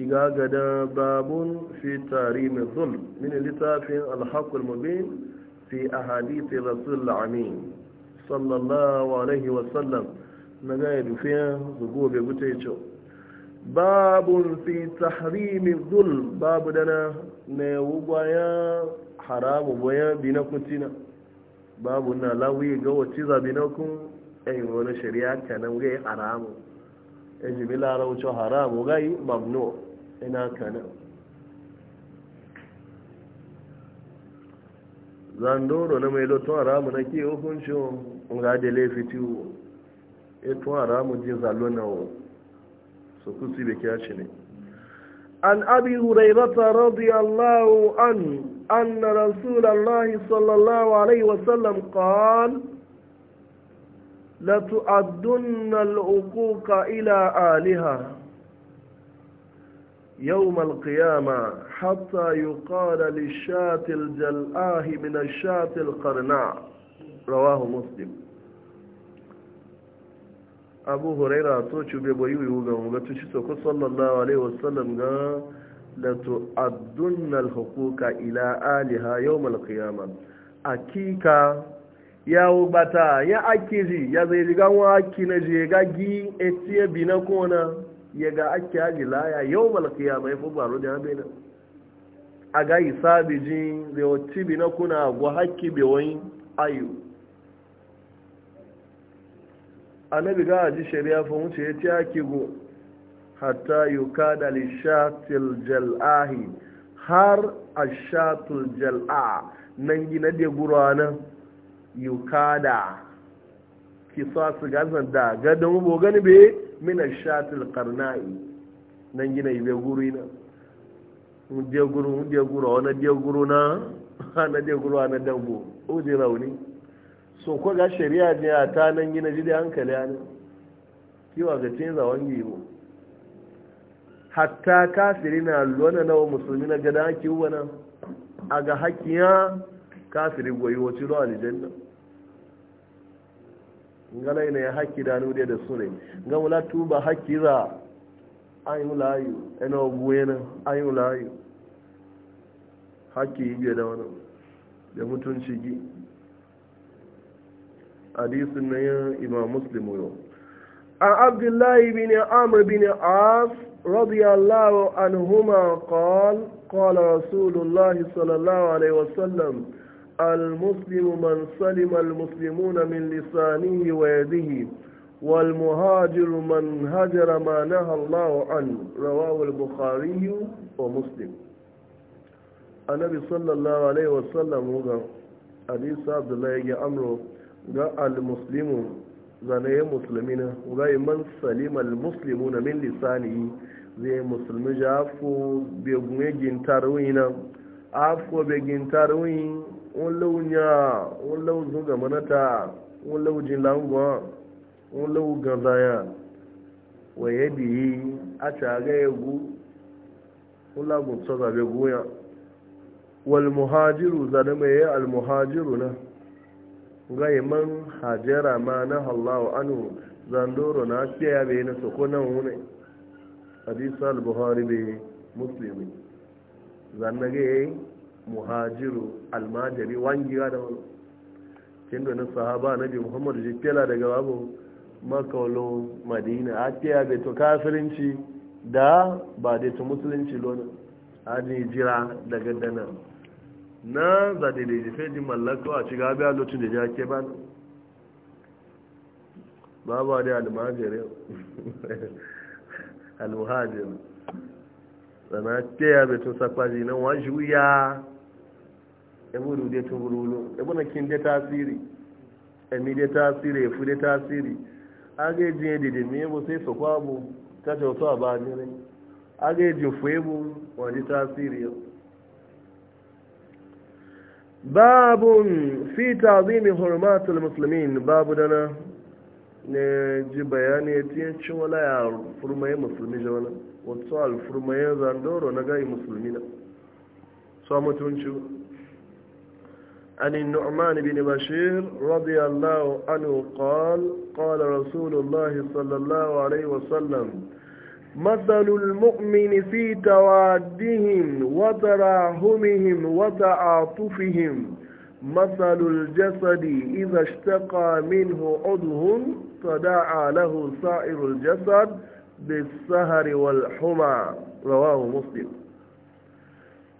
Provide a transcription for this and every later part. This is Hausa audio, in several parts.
iga gada babun fi tari mai zulm mini littafin alhakul mubin fi ahadithi rasul amin sallallahu alaihi wasallam na gaya rufiya zugo bai guta ya ce babun fi mai zulm babu dana na yawu gwaya haramu gwaya binakun kutina babu na lawi ga wacce zabi na kun ɗayin wani shari'a kanan gai haramu ya jibi larauci haramu gai mamnu ina kana zandoro na mai lotun ramu na ke hukuncin ga da laifi tiwo etun haramu jin zalo na wo su kusi bai kya ci ne an abi hurairata radiyallahu an أن رسول الله صلى الله عليه وسلم قال لتؤدن ila إلى يوم القيامة حتى يقال للشاة الجلآه من الشاة القرناء رواه مسلم أبو هريرة توشي بيبويو يوغم وغتوشي سوكو صلى الله عليه وسلم لتؤدن الحقوق إلى آلها يوم القيامة أكيكا ya wubata ya akiri ya zai riga wa akina je gagi etiye bi na kona ya ga ake haji laya yau malkiya mai fi baro da abe na a ga yi ji da wacce bi na kuna gwa haƙƙi bewai ayu annabi a ji shari'a fa wuce ya ce ake go hatta yuka da lishatil jal'ahi har a shatul jal'a nan gina da yi yuka da sa su gazan da gadon gani bai mina shatil karna'i nan gina ibe guri na ndiye guru ndiye guru ona ndiye guru na ana ndiye guru ana dambo uje rauni so ko ga shari'a ne a ta nan gina jide hankali ana kiwa ga canza wangi mu hatta kafiri na lona nawa musulmi na gada haki wana a ga hakiya kafiri goyi wacce ruwa aljanna ngala ina ya haki da nude da sune ga wula tuba haki za ayu layu ina buena ayu layu haki yi da wani da mutunci gi hadisin na yin imam muslim yau an abdullahi bin amr bin as radiyallahu anhuma qal qala rasulullahi sallallahu alaihi wasallam المسلم من سلم المسلمون من لسانه ويده والمهاجر من هجر ما نهى الله عنه رواه البخاري ومسلم النبي صلى الله عليه وسلم قال حديث عبد الله يجي أمره قال المسلم zane musulmina gai man salimal muslimuna min lisani zai musulmi jafo begunwe gintarwina afo begintarwin wọn lóun yá wọn lóun zunga wọn lóun jin wọn lóun ganzaya waye biyi a tare ya gu wọn lagun tsara bai goya wal muhajiru zane mai yi na gai man hajjara ma na halawa anu zandoro na fiya bai na soko nan wune hadisa al-buhari bai muslimi zanage muhajiru almajari wangiwa da wani kin da na sahaba nabi muhammad ji fela daga babu makaulo madina a fiya bai to kafirinci da ba dai to musulunci lona a ne jira daga dana na zade da ji fejin mallaka a shiga biya lokacin da ja ke ba ba ba dai almajari almuhajir sana fiya yabe to sakwaji nan wa juya ebu rude tuburulu ebu na kin de tasiri emi tasiri efu tasiri aga eji edede mi bu sai so kwabu ta ta so aba ni aga eji fu ebu wa de tasiri yo babun fi ta'zimi hurmatul babu dana ne ji bayani tiyan cin wala ya furmaye musulmi zandoro عن النعمان بن بشير رضي الله عنه قال قال رسول الله صلى الله عليه وسلم مثل المؤمن في توادهم وتراهمهم وتعاطفهم مثل الجسد إذا اشتقى منه عضو تداعى له سائر الجسد بالسهر والحمى رواه مسلم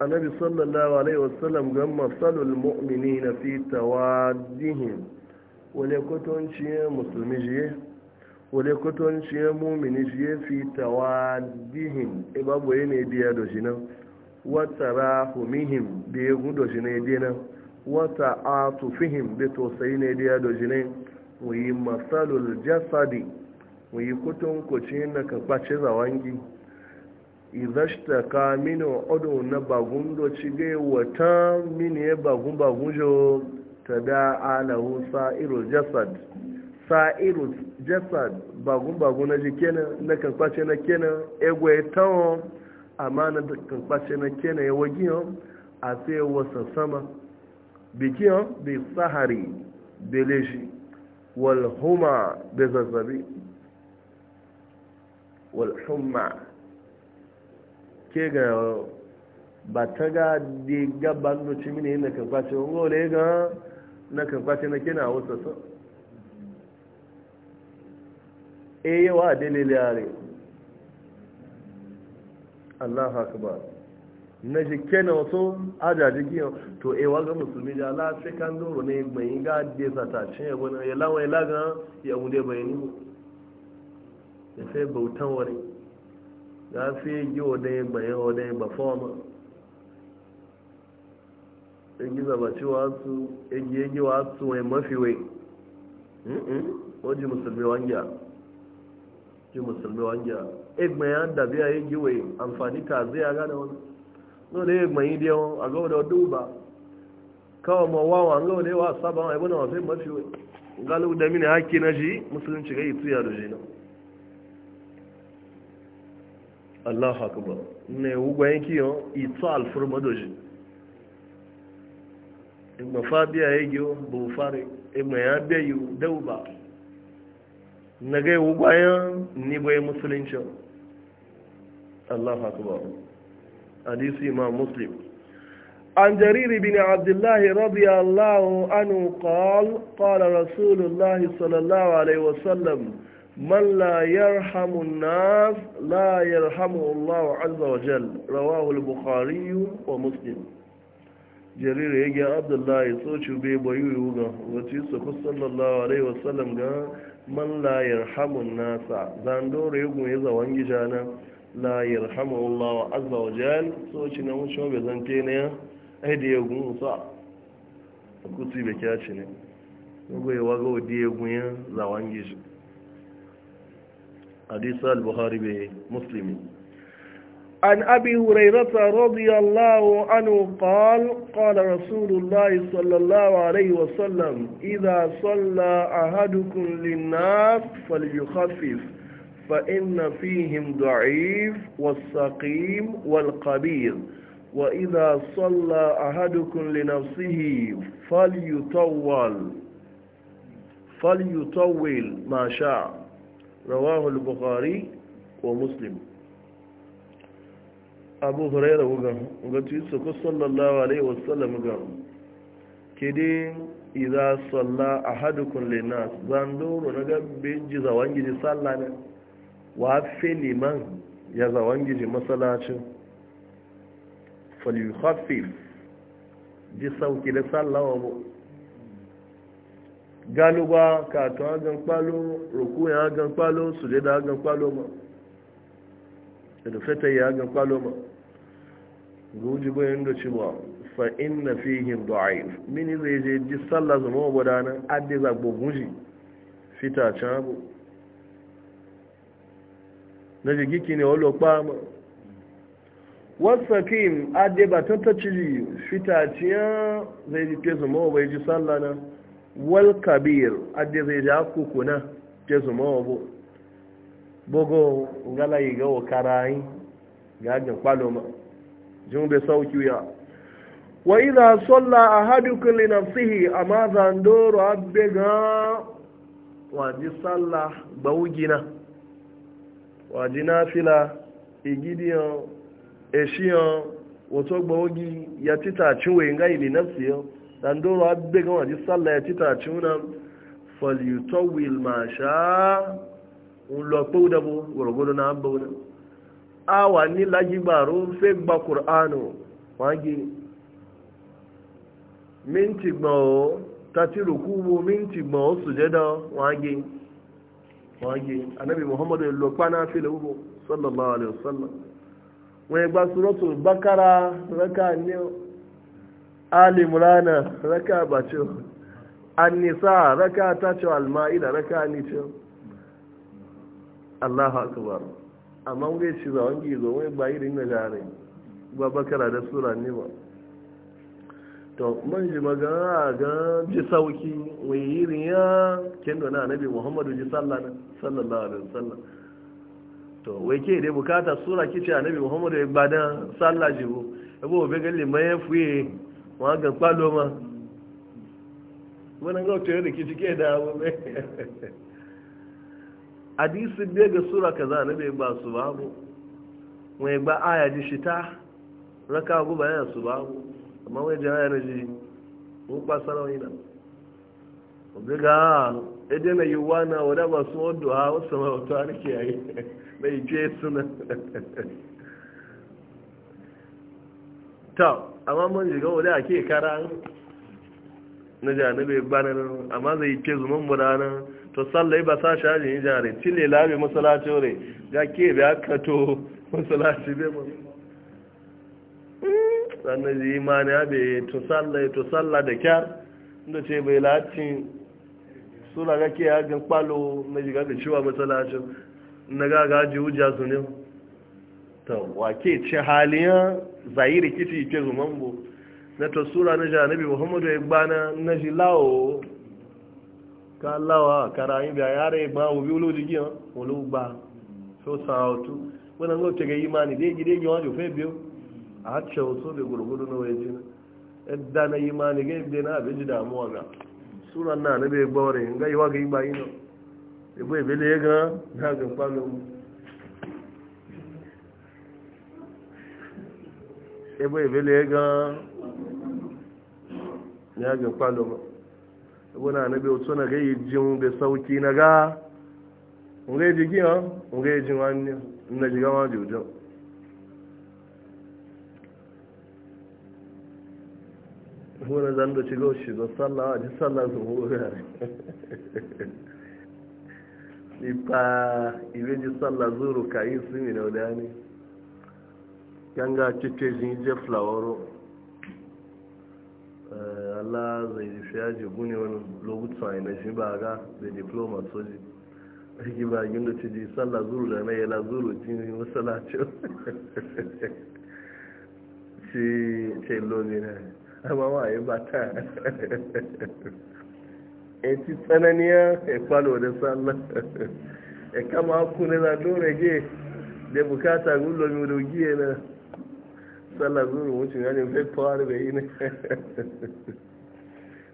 annabi sallallahu alaihi wasallam gan masalul mu'mini na fi tawaddihin wale kwatanciyar musulmi jiye wale kwatanciyar mu'mini jiye fi tawaddihin ibabu e yi ne biya da shi nan wata rahumihim da ya gudu shi ne biya nan wata atufihim da tausayi ne biya da shi ne wuyi masalul jasadi wuyi kwatankwacin na kakwace zawangi izashta ka mini odo na bagun do cige wata mini ya bagun bagun jo ta da alahu sa'iru jasad sa'iru jasad bagun bagun na ji na kan kwace na kena egwe tawon amma na kan kwace na kena ya wagi yau a sai wasa sama biki yau bi sahari beleshi walhuma da zazzabi walhuma ke ga ba ta ga de gaban nuci ci mini na kan kwace ne ga na kan na kina wasu sa e yawa adini liyari Allah ba na shi kena wasu ajaji giyan to e waga musulmi da ala sai kan doro ne mai yi ga de sata cin ya wani yalawa yalaga ya wude ya wunde bayani ya sai bautan wani ga fi gi wadai mai wadai mafoma fama egi zaba ci wasu egi egi wasu mai mafi wai wajen musulmi wangiya ji musulmi wangiya egbe ya da biya egi wai amfani ka zai ga da wani no da egbe yi dai a ga da duba kawo ma wawa ga da wa saban ai bana wa sai mafi wai galu da mini hakki na ji musulunci ga yi tuya da jina allahu akbar ne wugwayen kiyo ito alfurma doji igba fabiya ya giyo bu fari ma ya biyu dau ba na gai yin ni bai musulunci allahu akbar hadisi ma muslim عن جرير بن عبد الله رضي الله عنه قال قال رسول الله صلى الله عليه وسلم من لا يرحم الناس لا يرحمه الله عز وجل رواه البخاري ومسلم jarir ya gyan abdullahi tsoci bai bayu yuga wata sallallahu alaihi wasallam ga man la yarhamun nasa zandoro ya gunye zawon gija na la yarhamun allah wa azza wa jal tsoci na wucin bai zante ne ya ya gun sa kusi bai kyaci ne ya gunye waga wadda ya gunye zawon gija حديث البخاري بمسلم عن أبي هريرة رضي الله عنه قال قال رسول الله صلى الله عليه وسلم إذا صلى أحدكم للناس فليخفف فإن فيهم ضعيف والسقيم والقبيل وإذا صلى أحدكم لنفسه فليطول فليطول ما شاء rawahu al-bukhari wa muslim abu huraira wuga ga tuyisu ku sallallahu alaihi wa wasallam ga kidi idza salla ahadukum linas zanduru na gabbe ji zawangiji sallah ne wa fi liman ya zawangiji masalacin falyukhaffif ji sauki da Sallawa wa galuwa katon agan kpalo rukuyin agan kpalo sujada agan kpalo ma rufeta ya agan kpalo ma guji bayan da cewa fa inna fihim da'if mini zai je ji sallah zama gudanar adde zagbo guji fita can abu na jigiki ne wani lokpa ma wasakim adde ba tattaci fita ciyan zai ji ke zama bai ji sallah na wal kabir da akuku na ke te zuma wabo bogo ngala yi a wakarai ga gan kwaloma jun be sauki ya wa idha salla ahadukum li nafsihi amma zandoro abbe ga waji salla bawugina waji nafila igidiyan eshiyan wato gbawogi ya tita ciwe ngai li dandoro abbe ga waje sallah ya ci ta cuna wil ma sha un lo pe da bo gorogodo na abbo na awa ni laji baro fe gba qur'ano wagi minti gba tati ruku minti gba o sujada wagi wagi anabi muhammadu lo pana fi lo bo sallallahu alaihi wasallam wọ́n ẹgbà sọ́rọ́tù bákàrà rẹ́kà ní alimrana raka ba ce annisa raka ta ce alma'ida raka ni ce allahu akbar amma wai ci zawon gizo wai bayi na ina ba bakara da sura ne ba to man ji magana ga ji sauki wai yirin ya kendo na nabi muhammadu ji sallallahu alaihi wasallam to wai ke dai bukata sura kici nabi muhammadu ya gbada sallah jibo ebo be galle mai fuye wọn gan palo ma wani ga otu rikici ke da abu mai hadisi nde ga sura kaza na bai ba su babu wai ba aya ji shita raka guba yana su babu amma wai ji aya na ji mun ba sarawai na ga ede na yiwuwa na wadda ba su wadda ha wasu ma wata harke yayi mai na. ta amma mun shiga wale a ke kara na janabe banan amma zai ke zuman buranan to sallai ba sa shaji ni jare cile labe masallaci ore ga ke bi aka to masallaci be mu hmm, sannan ji imani abe to sallai to salla da kyar inda ce bai lati sura ga ke ya gan kwalo na jiga ga ciwa masallaci na ga ga ji hujja su ne wake ce haliyan zahiri rikici ke zuman bu na tasura na janabi muhammadu ya gbana na ji lawo karayi yare ba wo bi so sa otu wona ngo tege imani gi a che o so gurgudu no we jina yi na imani na ji sura na ba be ga na ga ebe ebele gan ya ga kwalo ba ebe na anabi otu na gaghị jin da sauki na ga nga ji gị ha nga ji nwanne nna ji gawa ji ụjọ wani zan da shiga shi zo sallah a ji sallah su wurare ipa ibe ji sallah zuru ka yi su mi da wadani yanga tete zin je flawaro eh, Allah zai ji fiya je gune wani lokuta na shi ba ga da diploma soji shi ba ginda ci ji salla zuru da na yala zuru ci ne ce ci ce lomi na amma ma yi ba ta e ci tsananiya e kwalo da sallah e kama hakuna na dore ge da bukata gullo da giye na sallah zuru mutum ya ne fai fara da yi ne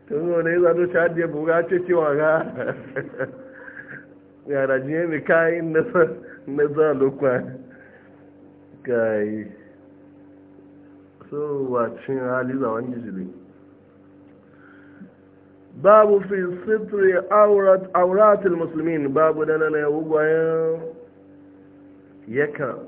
tun zo ne za to ta ya buga ce cewa ga yara jiye mai kayan na zalokwa lokwa kayi so wa cin hali za wani jijili babu fi sitri auratul musulmin babu dana na yawugwayen yakan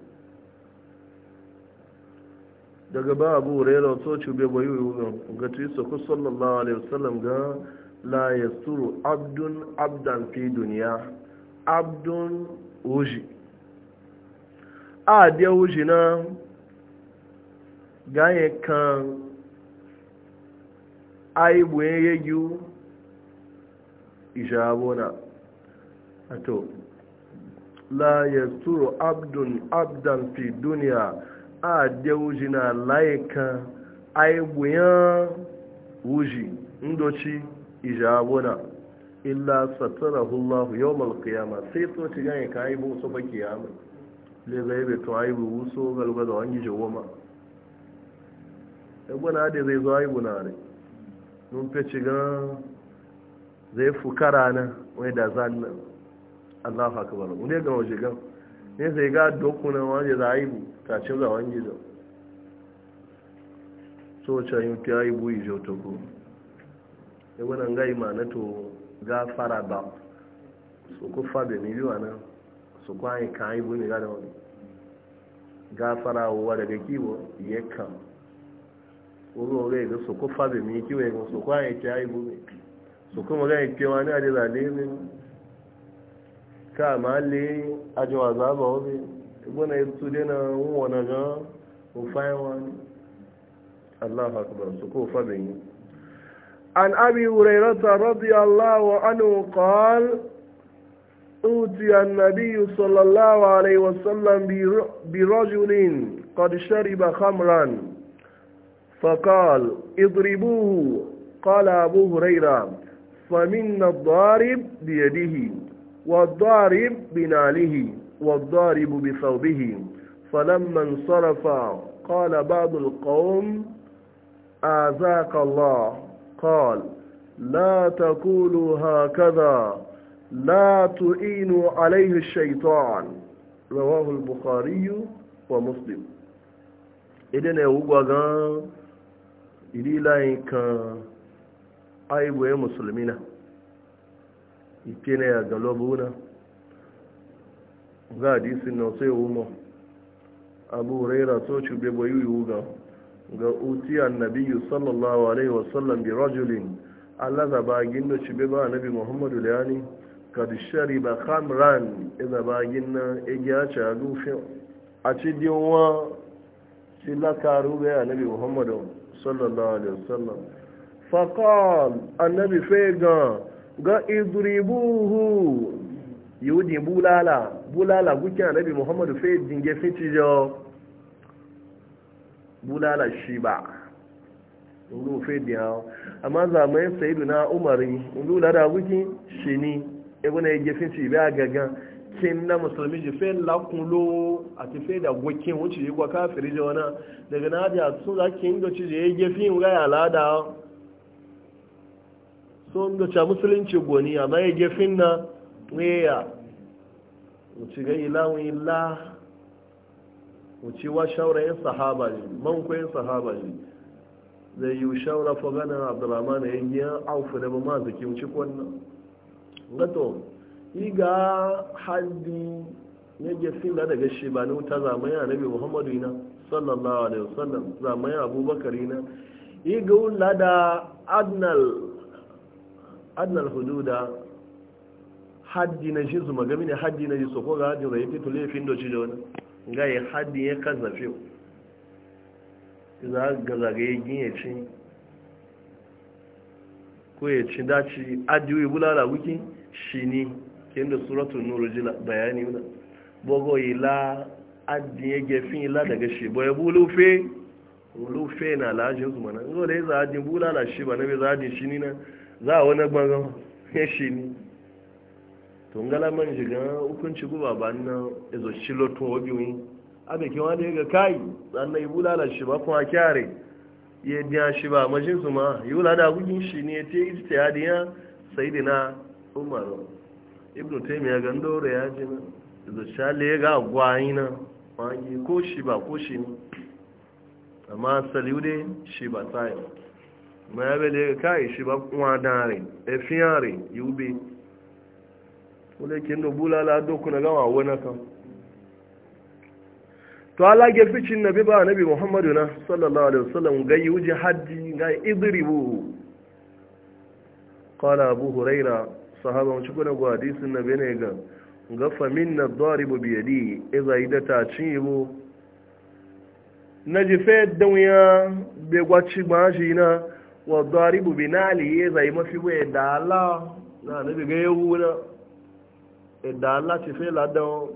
daga ba abu raira wato cube bai yi ga tuisa ku sallallahu alaihi wasallam ga la yasturu abdun abdan fi duniya abdun uji a dia uji na gaye kan aibu yayyu ijabona ato la yasturu abdun abdan fi duniya a dia wuji na laika aigbuyan wuji ndoci ijabuna illa satarahullahu yawmal qiyama sai to ci ganye ka aibu so fa kiyama le zai be to aibu wuso galba da wangi jawoma ebona de zai zo aibu na ne nun fe ci ga zai fukara na wai da zanna Allahu akbar ne ga waje ga ne zai ga dokuna wani da aibu tacin zawon gizo so cayin ta yi buyi jotogo ya wani ga imana to gafara ba su ku fabe ne nan su ka yi buyi ga wani gafara wa daga kiwo ya kan wuri wa ga su ku fabe ne kiwo ya su kwaye ta yi buyi su kuma ga kewa ne ne ka ma le zaba wani ibana ya tude na wana ga ufayin wani Allah akbar su ko fabin an abi hurairata radiyallahu anhu qal أوتي النبي صلى الله عليه وسلم برجل قد شرب خمرا فقال اضربوه قال أبو هريرة فمن الضارب بيده والضارب بناله والضارب بثوبه فلما انصرف قال بعض القوم آذاك الله قال لا تقولوا هكذا لا تؤينوا عليه الشيطان رواه البخاري ومسلم إذن يوغوغا إلي لايك أيبوي مسلمين يتينا يا Za a disi na sai umar abu raira so cube yi yuga ga uti annabi sallallahu alaihi wasallam bi rajulin Allah zabagin da cube ba annabi muhammadu liyani kad shariba khamran idza bagin na igiya cha gufin a ci dinwa ci lakaru ga annabi muhammadu sallallahu alaihi wasallam faqal annabi fega ga idribuhu yudi bulala bulala gukin annabi muhammadu fai dinge fici jo bulala shiba ndu ulu fai diya amma zamanin sayidu na umari ndu lada gukin shi ni ibina ya gefe ci biya gagan kin na musulmi ji fai lakunlo a ti fai da gukin wuce yi kwa kafiri jo daga na da sun za ki indo ci ya gefe yin gaya da ca musulunci goni amma ya gefen na weya Mu ci ga ilawun illa ci wa shaurayin sahaba ne mankoyin sahaba ne zai yi shaura faganin abdurrahman ya yi aufu da ba ma mu wuce kwanan gato iga haddi ya fi na daga shi ba ni wuta zamanin nabi muhammadu na sallallahu alaihi wasallam zamanin abubakar na ga wula da adnal adnal hududa haddi na shi su magami ne haddi na shi su ko ga haddi yi fito laifin doci da wani ga yi haddi ya kasa fiyo za ga zagaye gin ci ko ya ci daci bula bulala wikin shi ne kin da suratun nuru ji bayani wuna bogo yi la adiye gefin la daga shi bo ya bulufe bulufe na lajin su mana ngole za bula bulala shi ba na bai za adin shi ni na za a wani gbangan ya shi ni tungala man shiga hukunci guba ba na izo shilo tun wabi wani abe ke wani ga kai zanna yi bulala shi ba kuma kyare ya diya shi ba majin su ma yi wula da hugin shi ne ta yi ta yadiya sai da na umaru ibn taimiyya ga ndoro ya ji na izo shale ga gwayi na wani ko shi ba ko shi ne amma saliude shi ba tsayin ma ya bai da kai shi ba kuma dare efiyan re yi ube wale kin da bulala doku na gama wani kan to ala ge ficin nabi ba nabi muhammadu na sallallahu alaihi wasallam ga yuji haddi ga idribu qala abu huraira sahaba mun cikuna go hadisin nabi ne ga ga famin na daribu bi yadi idza idata cibu naji fe dawya be gwaci gbashi na wa daribu bi nali yi mafi we da ala na nabi ga yawu na da Allah ci fe ladan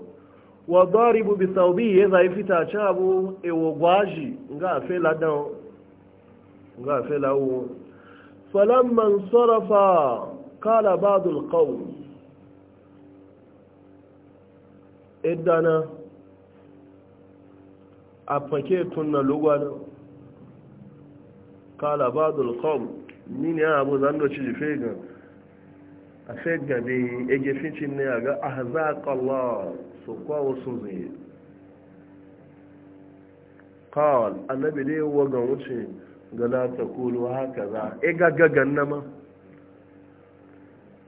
wa daribu bi thawbi ya zai fita ci abu e wo gwaji nga fe ladan nga fe lawo falamma sarafa qala ba'd al qawl idana a fake tunna lugwana qala ni ne abu zan a fe gabe egefin cin ne ya ga ahzaqallah so kwawo sun zuye qal annabi dai wa ga wuce ta kulu haka za e gaggagan na ma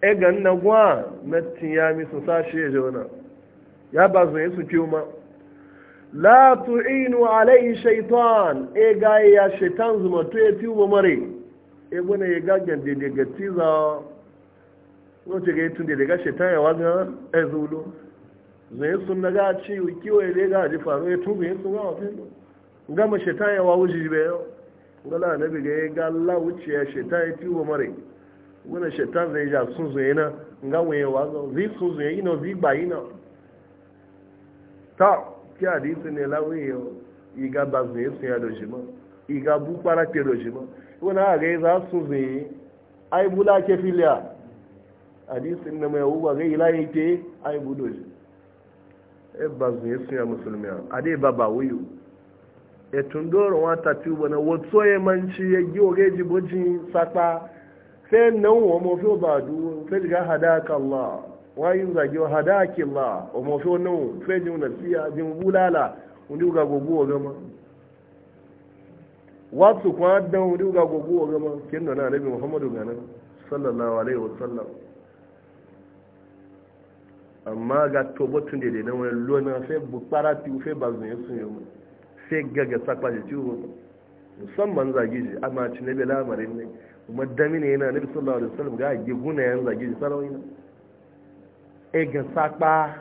e ga na gwa matin ya mi sun sashi ya jona ya ba zuye su kiwu ma la inu alai shaitan e ga ya shaitan zuma to ya tiwo mare e gwana ya gaggan ga tizawa no ce ga yi tunde daga shetan ya waga ezulu zai sun na ga kiwo faru ya sun gawa fin gama ya wawu ji yau gala na biga ya ga ya shetan ya tuba mare zai nga waye waga zai sun zai zai ba yi ta ki hadisi ne lawe yau iga ba zai sun iga bu kpara ke doji ma wani aga hadisin na mai wuwa ga ilayi te ai budo shi. e ba zun yesu ya musulmi a dai ba ba wuyu e tun doron wata tuba na wato ya manci ya gi oge ji bujin sapa fe na wo mo fe ba du fe diga hadaka allah wa yin zagi hadaki allah o mo fe no fe ji na siya ji bulala undi ga gogo ga ma wasu kwa dan undi ga gogo ga ma kin na nabi muhammadu ganan sallallahu alaihi wasallam amma ga tobotun da na wani lona sai bukpara tiwu sai ba zuwa sun yi mu sai gaga sakwa da tiwu musamman zage shi amma ci na bela marin ne kuma ne yana nabi sallallahu alaihi wasallam ga age guna yan zage shi sarawai na egan e sakpa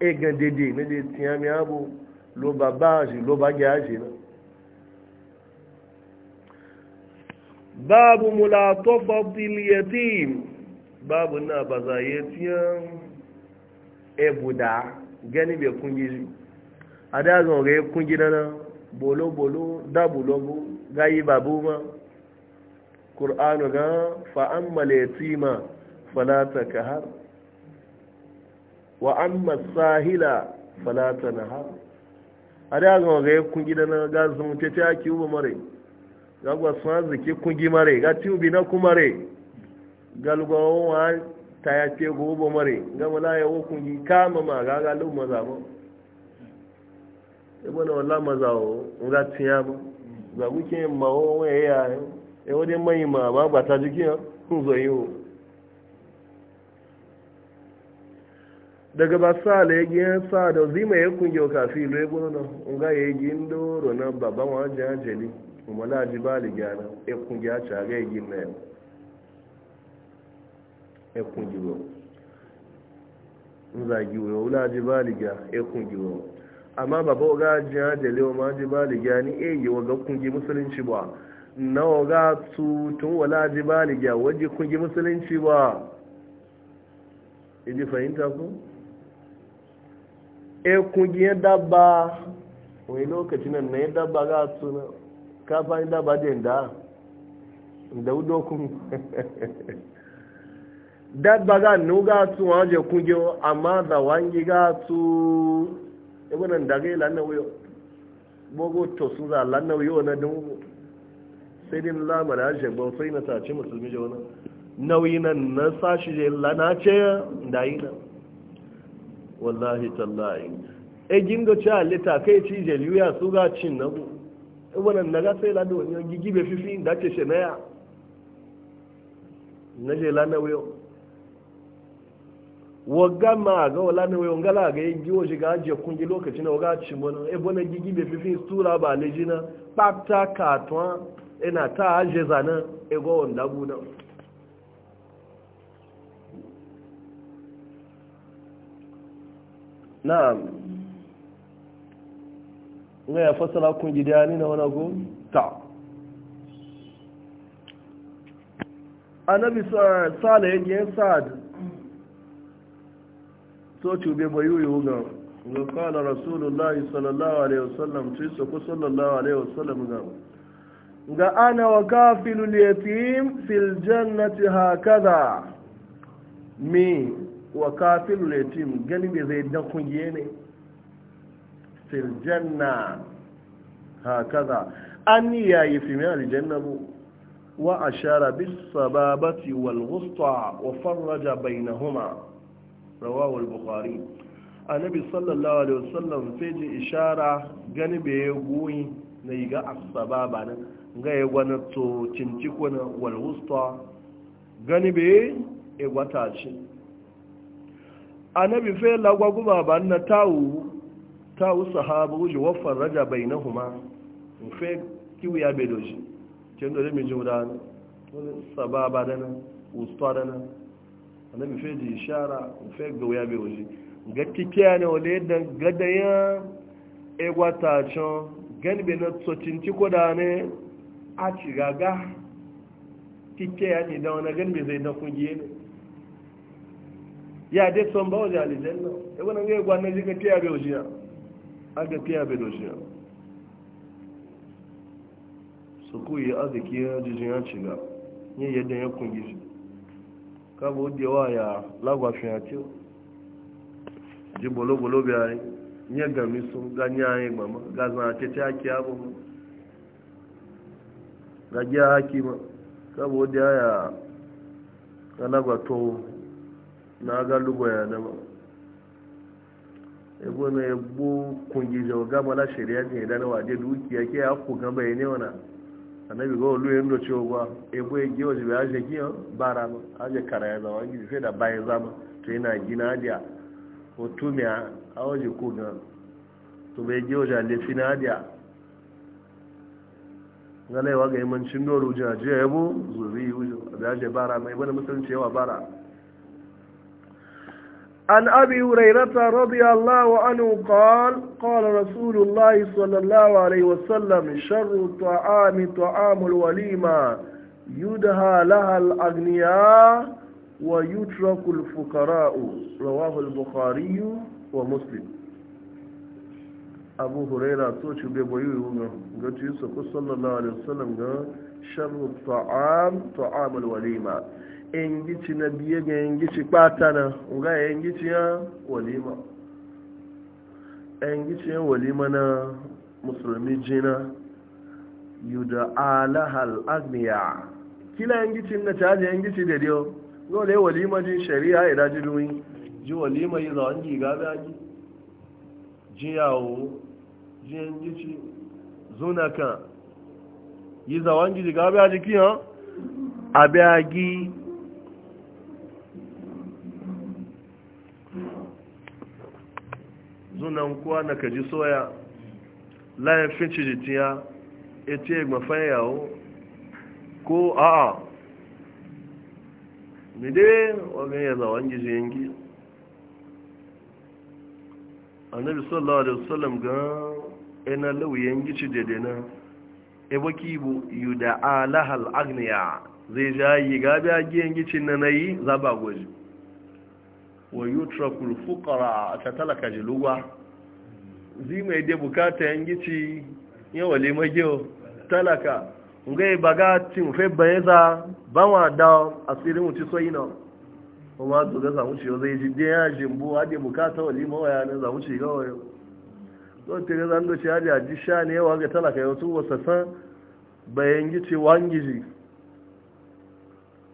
egan dede na je tiya mi abu lo ba ba shi lo ba ga shi na babu mulatofatil yatim babu na ba za yatiyan ebuda gani bai kungi a da zan ga kungi na nan bolo-bolo dabu-lobu gayi babu ma ƙur'anu ga fa'an maletima falata ka har wa'an matsahila falata na har a da zan ga kungi na nan ga sun ta aki uba mare ga gwasan zike kungi mare ga tubi na kumare galgawon ta ya ce gobe mare gama la ya wakun yi kama ma ga ga lu maza ba e bana wala maza o nga tiya ba za ku ma o wa ya e wode mai ma ba ba ta jiki ku zo yo daga ba sa le ya sa da zima ya kun yo kafi le bono na nga ya yi ndoro na baba wa jeli kuma na jibali gana e kun ya ta ga yi e na ya. ẹkùn jùlọ nzagi wọ wula ji baliga ẹkùn jùlọ amma baba oga ji ajiyar ma ji baliga ni eyi waga kungi musulunci ba na ga tu tun wala ji baliga waje kungi musulunci ba idi fahimta ku ẹkùn ji ya dabba wani lokacin nan na ya dabba ga tuna kafa ya dabba da da udokun dabba ga nu ga je kunge amma da wangi ga tu ibn e nan daga ila bogo to su za Allah na wayo na dun sai din la mara je sai na ta musulmi je wannan nauyi nan na sashi je la na ce da yi na wallahi tallahi e gindo cha leta kai ci je liya su ga cin na bu ibn e daga sai la do ni gigibe fifi da ce na ya na je wagga ma ga wala ne wayo ngala ga yin giwo shiga ajiye kungi lokacin na waga cin bono e bona gigi be fifin sura ba le jina papta katwa ina ta aje zanen e go wanda buna na'am nga ya fasara kungi da ni na wana go ta annabi sallallahu alaihi sa. so cube yi ga ga kala rasulullah sallallahu alaihi wasallam ci su ku sallallahu alaihi wasallam ga ga ana wa kafilul yatim fil jannati hakaza mi wa kafin yatim gani me zai dan kungiye ne fil janna hakaza an yayi fi mai aljanna bu wa ashara bis sababati wal ghusta wa farraja bainahuma rawar bukari annabi sallallahu alaihi wasallam sai ji ishara gani bai ya goyi na yi ga asaba ba nan ga ya gwana to cinciko na walwusta gani bai ya gwata ce annabi fai lagwaguma ba na tawu sahaba sahabu ji wafan raja bai na huma fai kiwiya bai doji kin dole mai jimu da wani sababa da nan wusta da nan annabi fe ji ishara fe ga waje ga ne wale gada ya egwa gani na tsocin ko da ne a ci gaga tikiya ne da wani gani be zai da kungiye ne ya dai son ba waje alijanna e wannan ga egwa ne ji ga tiya waje a ga tiya be waje su ku arziki ya jijin ya ci ga yadda ya kama udi wa ya lagwa fiyanci ji bolo-bolo biya nye gami sun ganye anyị gbama a akịta aki abụ ma gaji aki ma kama udi ya alagwa na aga lugwa ya nama ebe na egbo kungiyar gama na ya ne idan wa je dukiya ke ya ku gaba ya ne wana annabi ga olu yin doce ogwa ebo ya giyo ji bai aje giyo ba rama aje kara ya zama gidi sai da bayan zama to yana gina adiya ko tumiya a waje ko ga to bai giyo ji alefi na adiya galaiwa ga imancin doro ji ajiya yabo zuri yi wujo a bai aje bara mai na musulunci yawa bara عن أبي هريرة رضي الله عنه قال قال رسول الله صلى الله عليه وسلم شر الطعام طعام الوليمة يدهى لها الأغنياء ويترك الفقراء رواه البخاري ومسلم أبو هريرة توش بيبويو قلت يوسف صلى الله عليه وسلم شر الطعام طعام الوليمة yangici na biye ga yangici ɓata na ga yangici ya walima yangici ya walima na musulmi jina yuda alahal agniya kila yangici na caji yangici da nga wale walima jin shari'a ya daji duni ji walima yi zawon giga daji ji yawo ji yangici zunaka yi zawon giga daji kiyan abiyagi zunan kuwa na kaji soya layan finci jitiya ete gbafan yawo ko a'a mi dai wajen ya zawon gizi yangi annabi sallallahu alaihi wasallam ga ina lauyen gici dedena ebo kibo yuda alahal agniya zai jayi gabi a giyan gicin na zaba gwaji wa yutrakul fuqara ta talaka jiluwa zi mai da bukata yangici yawa limagiyo talaka ngai baga tin fe bayeza bawa da asirin mutu soyina kuma to ga samu ciwo zai ji da ya jimbu hade bukata wa lima waya ne zamu ci gawa yau to te ga zan do ci hade aji sha ne yawa ga talaka yau tu wasasa bayan gici wangiji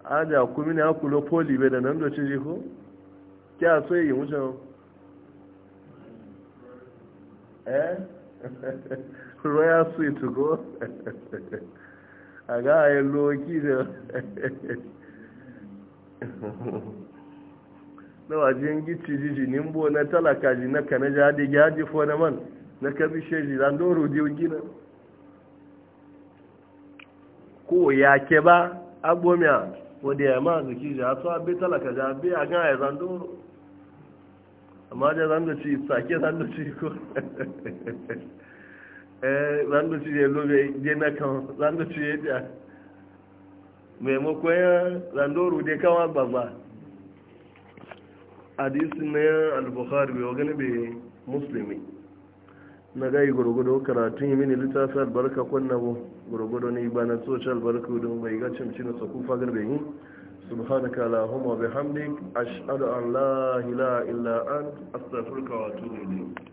a aja kuma ne akulo poli be da nan do ci ji ko kí a tó èyí ń jẹun ẹ́ royal go na wajen gici jiji ni na talaka ji na kana jadi na man na kabi sheji dan doro diyo gina ko ya ke ba wadda ya ma zuki ji a abe talaka abe a gan amma da ci sake ci ko eh ci ya lobe je na kan ci ya da ko ya zandoru dai kawa babba hadisi na al-bukhari wa wagani bai musulmi na gai gurgudu karatun yi mini littafi albarka kwanna bu gurgudu ne ba na social barka don mai gacin cimci na sakufa garbe yi subhanaka la huma bihamdik ashhadu an la ilaha illa ant astaghfiruka wa atubu